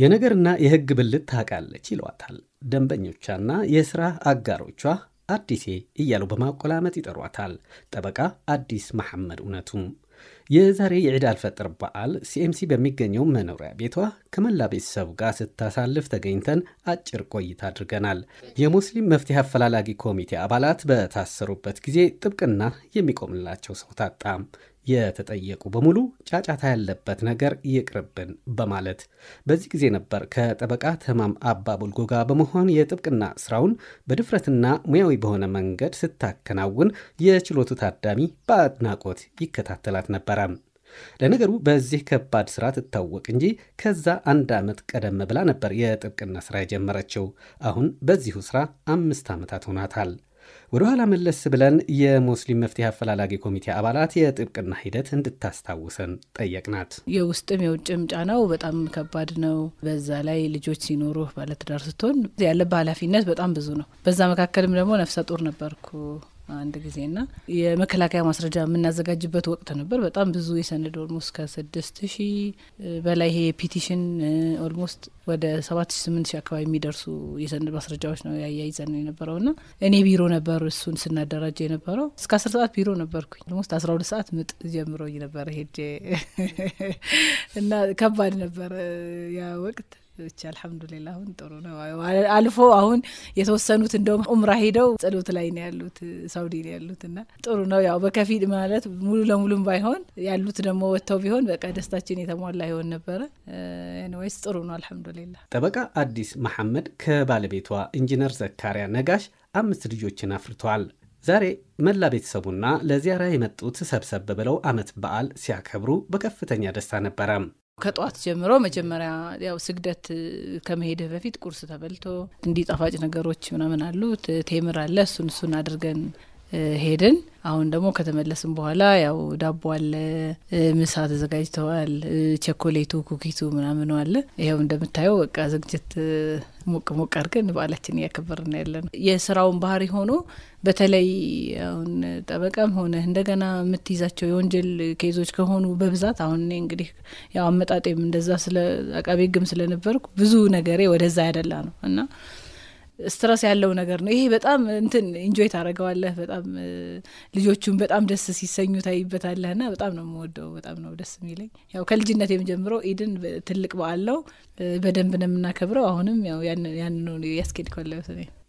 የነገርና የሕግ ብልት ታውቃለች ይሏታል ደንበኞቿና የሥራ አጋሮቿ አዲሴ እያሉ በማቆላመጥ ይጠሯታል። ጠበቃ አዲስ መሐመድ እውነቱም የዛሬ የዒድ አልፈጥር በዓል ሲኤምሲ በሚገኘው መኖሪያ ቤቷ ከመላ ቤተሰቡ ጋር ስታሳልፍ ተገኝተን አጭር ቆይታ አድርገናል። የሙስሊም መፍትሄ አፈላላጊ ኮሚቴ አባላት በታሰሩበት ጊዜ ጥብቅና የሚቆምላቸው ሰው ታጣ። የተጠየቁ በሙሉ ጫጫታ ያለበት ነገር ይቅርብን በማለት በዚህ ጊዜ ነበር ከጠበቃ ተማም አባ ቡልጎ ጋር በመሆን የጥብቅና ስራውን በድፍረትና ሙያዊ በሆነ መንገድ ስታከናውን የችሎቱ ታዳሚ በአድናቆት ይከታተላት ነበረ። ለነገሩ በዚህ ከባድ ስራ ትታወቅ እንጂ ከዛ አንድ ዓመት ቀደም ብላ ነበር የጥብቅና ስራ የጀመረችው። አሁን በዚሁ ስራ አምስት ዓመታት ሆናታል። ወደ ኋላ መለስ ብለን የሙስሊም መፍትሄ አፈላላጊ ኮሚቴ አባላት የጥብቅና ሂደት እንድታስታውሰን ጠየቅናት። የውስጥም የውጭም ጫናው በጣም ከባድ ነው። በዛ ላይ ልጆች ሲኖሩ ባለትዳር ስትሆን ያለብህ ኃላፊነት በጣም ብዙ ነው። በዛ መካከልም ደግሞ ነፍሰ ጡር ነበርኩ። አንድ ጊዜ ና የመከላከያ ማስረጃ የምናዘጋጅበት ወቅት ነበር። በጣም ብዙ የሰነድ ኦልሞስት ከስድስት ሺ በላይ ይሄ የፒቲሽን ኦልሞስት ወደ ሰባት ሺ ስምንት ሺ አካባቢ የሚደርሱ የሰነድ ማስረጃዎች ነው ያያይዘን ነው የነበረው ና እኔ ቢሮ ነበር እሱን ስናደራጀ የነበረው እስከ አስር ሰዓት ቢሮ ነበርኩኝ። ኦልሞስት አስራ ሁለት ሰዓት ምጥ ጀምሮኝ ነበር። ሄጄ እና ከባድ ነበር ያ ወቅት ብቻ አልሐምዱሊላ አሁን ጥሩ ነው አልፎ አሁን የተወሰኑት እንደውም ኡምራ ሄደው ጸሎት ላይ ነው ያሉት ሳውዲ ነው ያሉት እና ጥሩ ነው ያው በከፊል ማለት ሙሉ ለሙሉም ባይሆን ያሉት ደግሞ ወጥተው ቢሆን በቃ ደስታችን የተሟላ ይሆን ነበረ ወይስ ጥሩ ነው አልሐምዱሊላ ጠበቃ አዲስ መሐመድ ከባለቤቷ ኢንጂነር ዘካሪያ ነጋሽ አምስት ልጆችን አፍርተዋል ዛሬ መላ ቤተሰቡና ለዚያራ የመጡት ሰብሰብ ብለው አመት በዓል ሲያከብሩ በከፍተኛ ደስታ ነበረ ከጠዋት ጀምሮ መጀመሪያ ያው ስግደት ከመሄድህ በፊት ቁርስ ተበልቶ እንዲህ ጣፋጭ ነገሮች ምናምን አሉ። ቴምር አለ። እሱን እሱን አድርገን ሄድን። አሁን ደግሞ ከተመለስን በኋላ ያው ዳቦ አለ፣ ምሳ ተዘጋጅተዋል፣ ቸኮሌቱ፣ ኩኪቱ ምናምኑ አለ። ይኸው እንደምታየው በቃ ዝግጅት ሞቅ ሞቅ አድርገን በዓላችን እያከበርን ያለ ነው። የስራውን ባህሪ ሆኖ በተለይ አሁን ጠበቃም ሆነ እንደገና የምትይዛቸው የወንጀል ኬዞች ከሆኑ በብዛት አሁን እንግዲህ ያው አመጣጤም እንደዛ ስለ አቃቤ ሕግም ስለነበርኩ ብዙ ነገሬ ወደዛ ያደላ ነው እና ስትረስ ያለው ነገር ነው። ይሄ በጣም እንትን ኢንጆይ ታደረገዋለህ። በጣም ልጆቹን በጣም ደስ ሲሰኙ ታይበታለህ። ና በጣም ነው የምወደው። በጣም ነው ደስ የሚለኝ። ያው ከልጅነት የምጀምረው ኢድን ትልቅ በዓል ነው በደንብ ነው የምናከብረው። አሁንም ያው ያንኑ ያስኬድ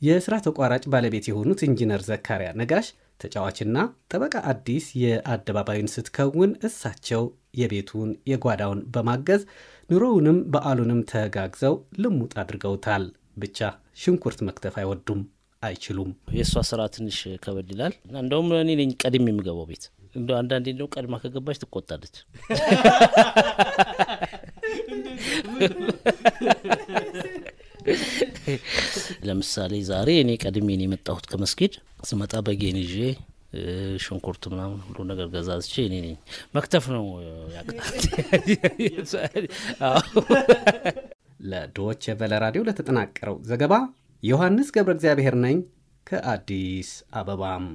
የስራ ተቋራጭ ባለቤት የሆኑት ኢንጂነር ዘካሪያ ነጋሽ ተጫዋችና ጠበቃ አዲስ የአደባባዩን ስትከውን እሳቸው የቤቱን የጓዳውን በማገዝ ኑሮውንም በዓሉንም ተጋግዘው ልሙጥ አድርገውታል። ብቻ ሽንኩርት መክተፍ አይወዱም፣ አይችሉም። የእሷ ስራ ትንሽ ከበድ ይላል። እንደውም እኔ ነኝ ቀድሜ የምገባው ቤት እንደ አንዳንዴ እንደው ቀድማ ከገባች ትቆጣለች። ለምሳሌ ዛሬ እኔ ቀድሜ የመጣሁት ከመስጊድ ስመጣ በጌን ይዤ ሽንኩርት ምናምን ሁሉ ነገር ዝቼ እኔ ነኝ መክተፍ ነው ያቃ ለዶች ቨለ ራዲዮ ለተጠናቀረው ዘገባ ዮሐንስ ገብረ እግዚአብሔር ነኝ ከአዲስ አበባም